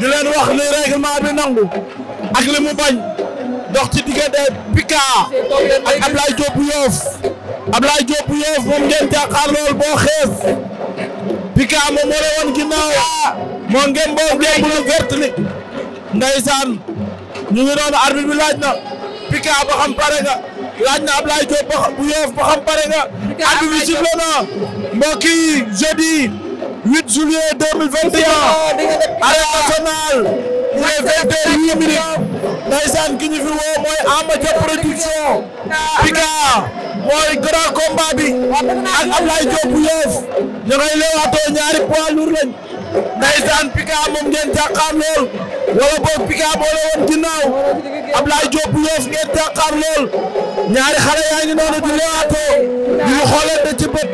di leen wax li règlement bi nangu ak li mu bañ dox ci diggante Pika ak Ablaye Diop bu Yoff Ablaye Diop bu Yoff moom ngeen jàkkaar lool boo xees Pika moom moo la woon ginnaaw moo ngeen boo ngeen bu la vert li ndeysaan ñu ngi doon arbitre bi na Pika ba xam pare nga laaj na Ablaye Diop bu Yoff ba xam pare nga arbitre bi sifflé na mbokk yi 8 juillet 2021 arène nationale mu ne vingt heures huit minutes ndaysaan ki ñu fi woo mooy Ama Dia production Pika mooy grand combat bi ak Ablaye Diop bu Yoff ñu ñaari poids lourd lañ ndaysaan moom ngeen jàkkaar lool wala boog Pika moo la woon ginnaaw Ablaye Diop bu Yoff ngeen jàkkaar lool ñaari xale yaa ngi noonu di leewaatoo ñu xoolante ci bët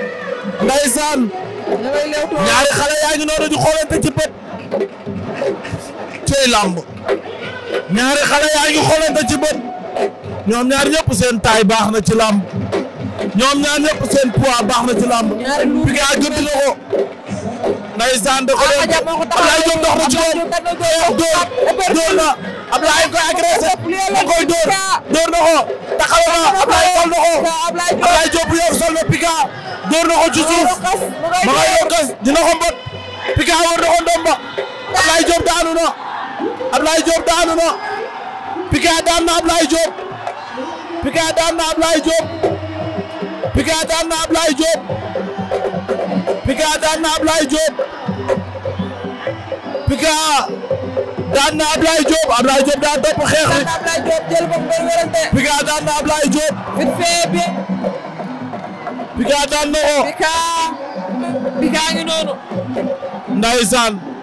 ndaysaan ñaari xale yaa ngi noonu di xoolante ci bët cey làmb ñaari xale yaa ci bët ñoom ñaar ñëpp baax na ci làmb ñoom ñaar ñëpp baax na ci làmb bi nga gëdd na ko ndeysaan da ko doon Ablaye Diop dox na ci doon na Ablaye koy agressé da koy dóor dóor na ko ko Ablaye Diop yor sol na Pika door na ko daan na Ablaye Diop Pika daan daan na Ablaye Diop Pika daan daan na Ablaye Diop Ablaye Diop daa topp xeex bi. Ablaye Diop jël ko ba wérante. Pika daan na Ablaye Diop. vite fait bi. Pika daan na ko. Pika Pika ngi noonu. Ndeysaan.